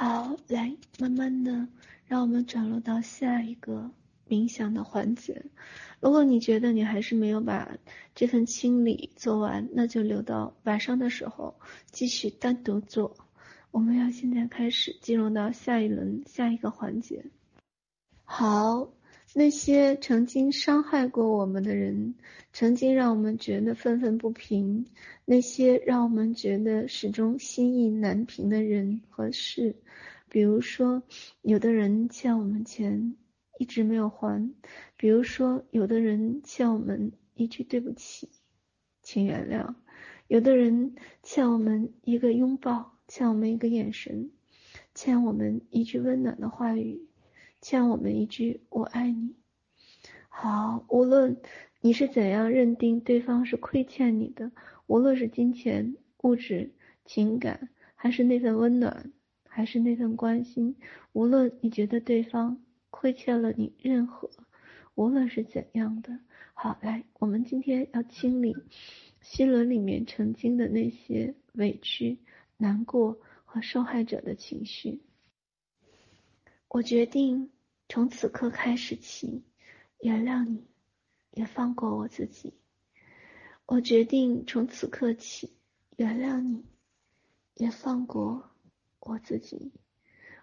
好，來慢慢的，讓我們轉入到下一個冥想的環節。如果你覺得你還是沒有把這份清理做完，那就留到晚上的時候繼續單獨做。我們要現在開始進入到下一輪，下一個環節。好。那些曾經傷害過我們的人，曾經讓我們覺得憤憤不平；那些讓我們覺得始終心意難平的人和事，比如說，有的人欠我們錢一直沒有還；比如說，有的人欠我們一句對不起，請原諒；有的人欠我們一個擁抱，欠我們一個眼神，欠我們一句溫暖的話語。欠我們一句我愛你，好，無論你是怎樣認定對方是虧欠你的，無論是金錢、物質、情感，還是那份溫暖，還是那份關心，無論你覺得對方虧欠了你任何，無論是怎樣的，好，來，我們今天要清理心輪裡面曾經的那些委屈、難過和受害者的情緒。我決定從此刻開始起，原諒你，也放過我自己。我決定從此刻起，原諒你，也放過我自己。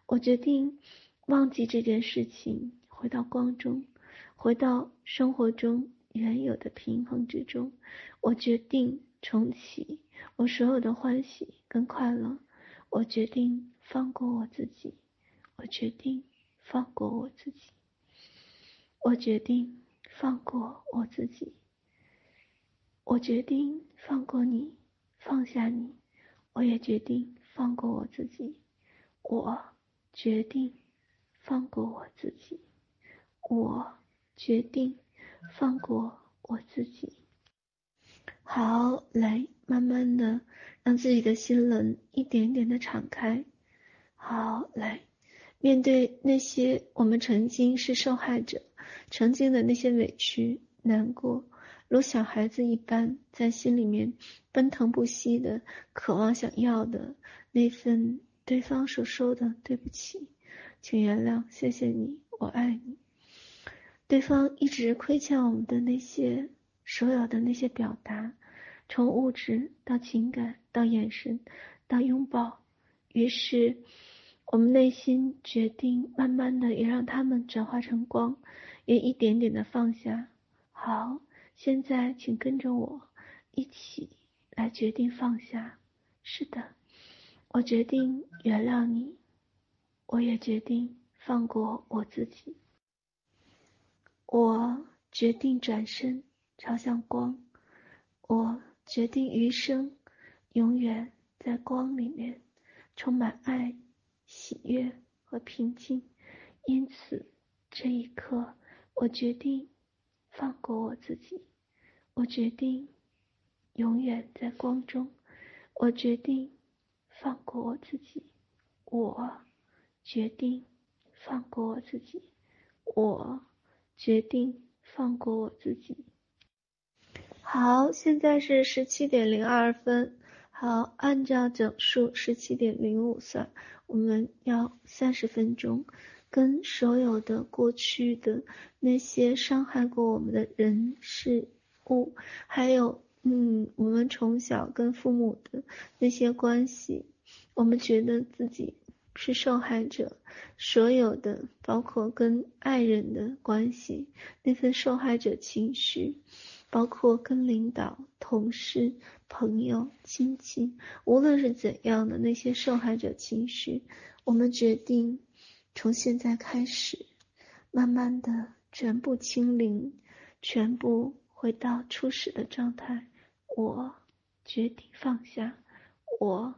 我決定忘記這件事情，回到光中，回到生活中原有的平衡之中。我決定重啟我所有的歡喜跟快樂。我決定放過我自己。我決定放過我自己，我決定放過我自己，我決定放過你，放下你，我也決定放過我自己，我決定放過我自己，我決定放過我自己。好，來，慢慢的讓自己的心輪一點一點的敞開。好，來。面對那些我們曾經是受害者，曾經的那些委屈、難過，如小孩子一般，在心裡面奔騰不息的渴望、想要的那份對方所說的“對不起，請原諒，謝謝你，我愛你”，對方一直虧欠我們的那些所有的那些表達，從物質到情感，到眼神，到擁抱，於是。我們內心決定，慢慢的也讓他們轉化成光，也一點點的放下。好，現在請跟着我，一起來決定放下。是的，我決定原諒你，我也決定放過我自己。我決定轉身朝向光，我決定餘生永遠在光裡面，充滿愛。喜悅和平靜，因此這一刻，我決定放過我自己。我決定永遠在光中。我決定放過我自己。我決定放過我自己。我決定放過我自己。好，現在是十七點零二分。好，按照整數十七點零五算。我們要三十分鐘，跟所有的過去的那些傷害過我們的人、事、物，還有，嗯，我們從小跟父母的那些關係，我們覺得自己是受害者，所有的，包括跟愛人的關係，那份受害者情緒，包括跟領導、同事。朋友、親戚，無論是怎樣的那些受害者情緒，我們決定從現在開始，慢慢的全部清零，全部回到初始的狀態。我決定放下，我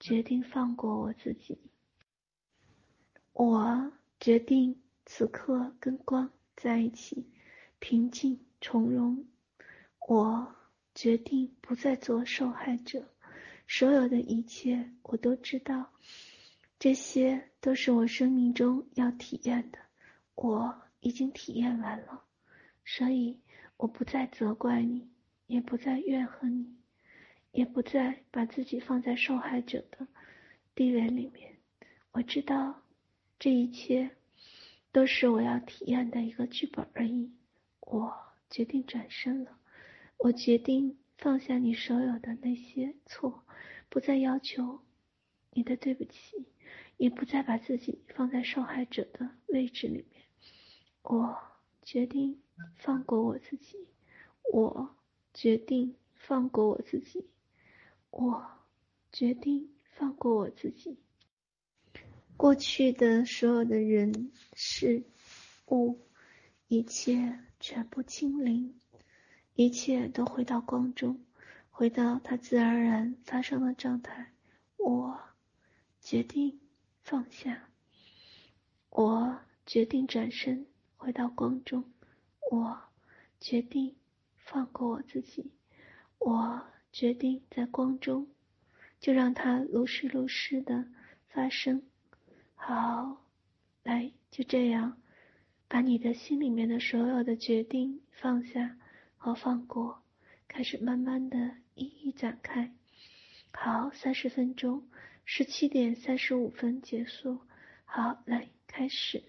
決定放過我自己，我決定此刻跟光在一起，平靜從容。我。決定不再做受害者，所有的一切我都知道，這些都是我生命中要體驗的，我已經體驗完了，所以我不再責怪你，也不再怨恨你，也不再把自己放在受害者的地位裡面。我知道這一切都是我要體驗的一個劇本而已，我決定轉身了。我決定放下你所有的那些錯，不再要求你的對不起，也不再把自己放在受害者的位置裡面。我決定放過我自己，我決定放過我自己，我決定放過我自己。過去的所有的人事物，一切全部清零。一切都回到光中，回到它自然而然發生的狀態。我決定放下，我決定轉身回到光中，我決定放過我自己，我決定在光中，就讓它如是如是的發生。好，來，就這樣，把你的心裡面的所有的決定放下。好，放過，開始慢慢的一一展開。好，三十分鐘，十七點三十五分結束。好，來，開始。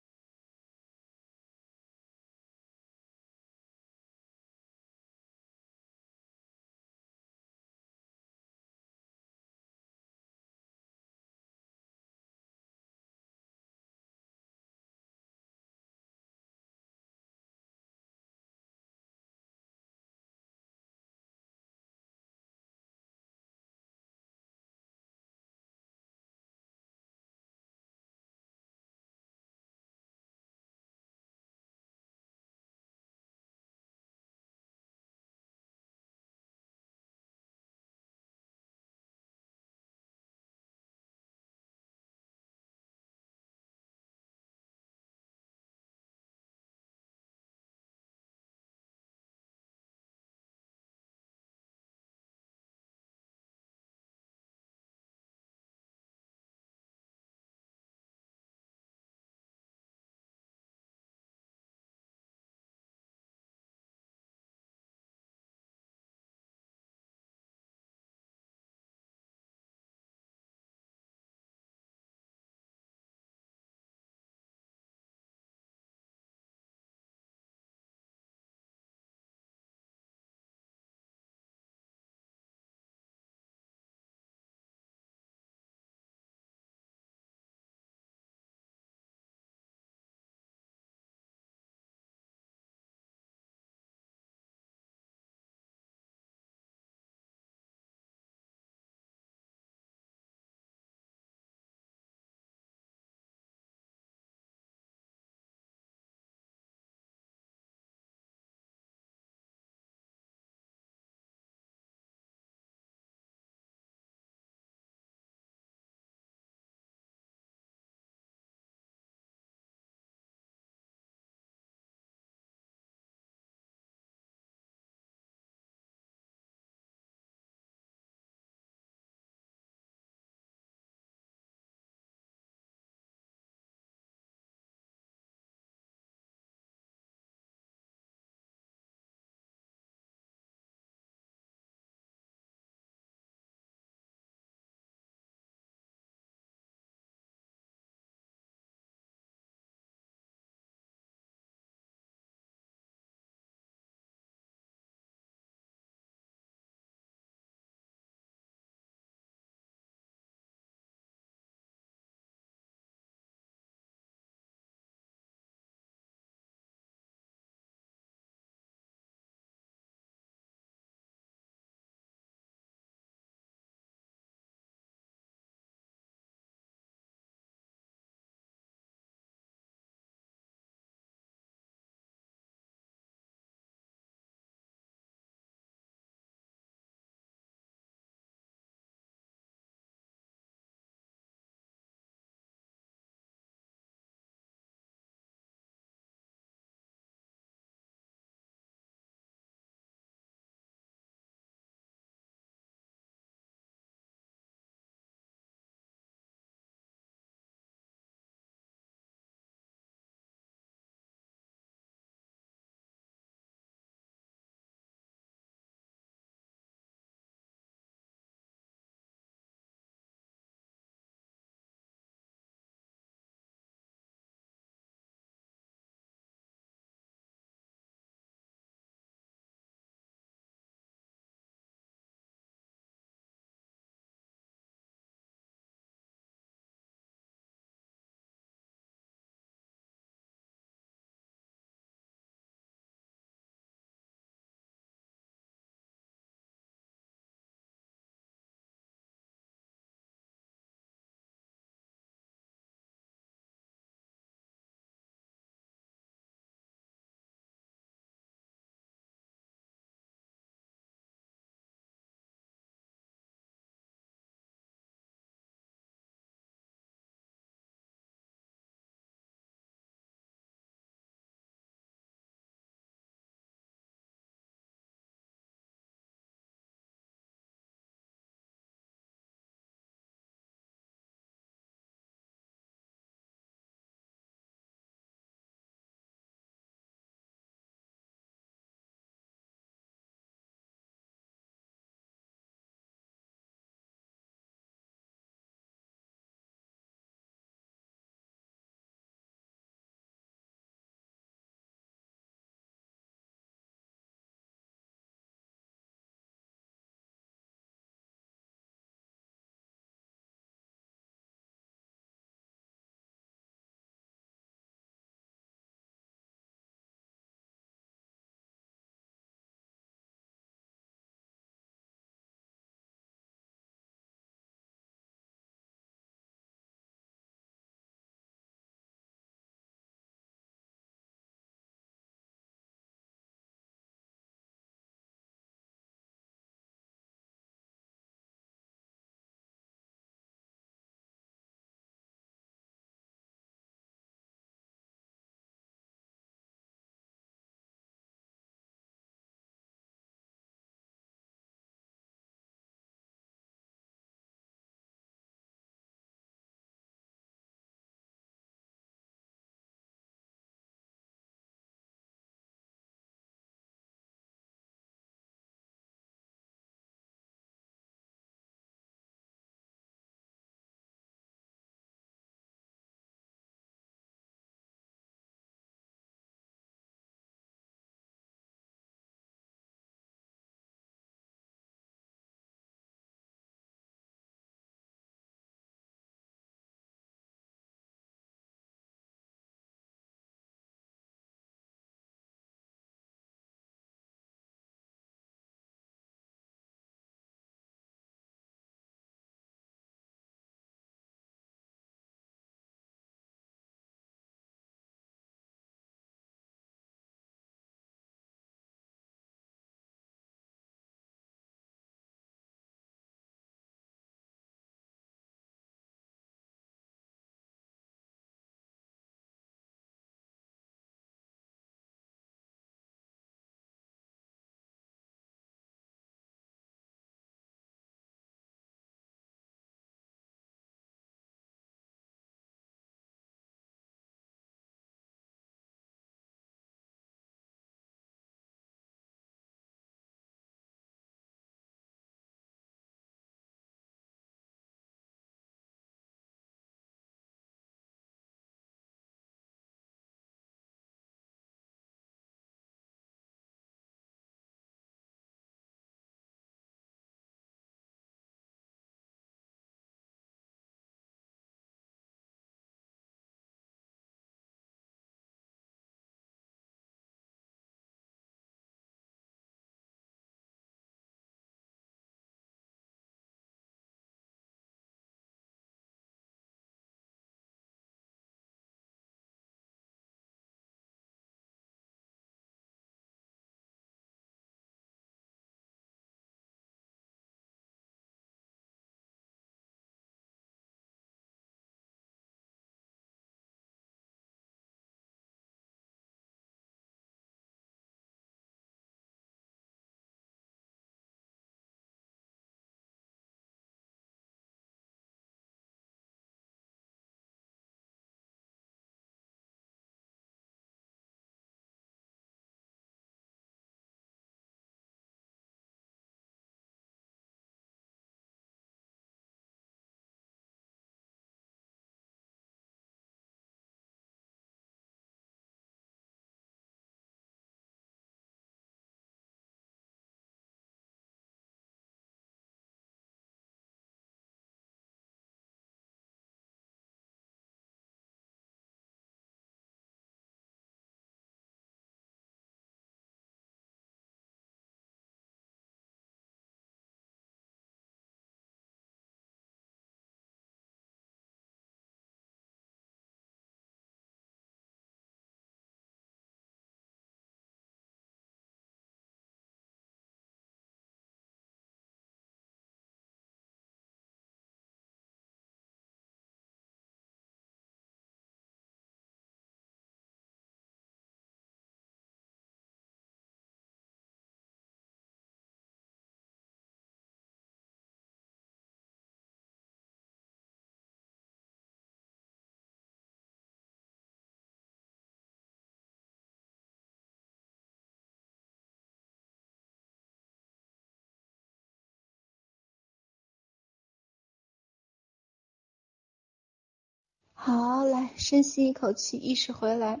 好，來，深吸一口氣，意識回來。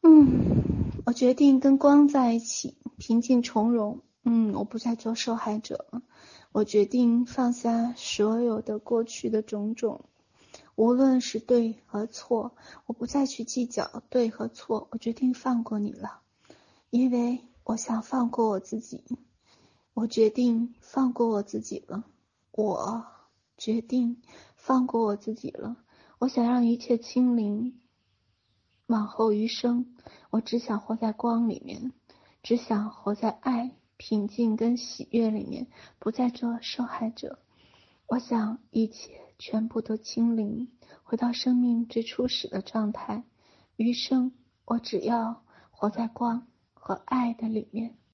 嗯，我決定跟光在一起，平靜從容。嗯，我不再做受害者了。我決定放下所有的過去的種種，無論是對和錯，我不再去計較對和錯。我決定放過你了，因為我想放過我自己。我決定放過我自己了。我決定放過我自己了。我想讓一切清零，往後餘生，我只想活在光裡面，只想活在愛、平靜跟喜悅裡面，不再做受害者。我想一切全部都清零，回到生命最初始的狀態。餘生，我只要活在光和愛的裡面。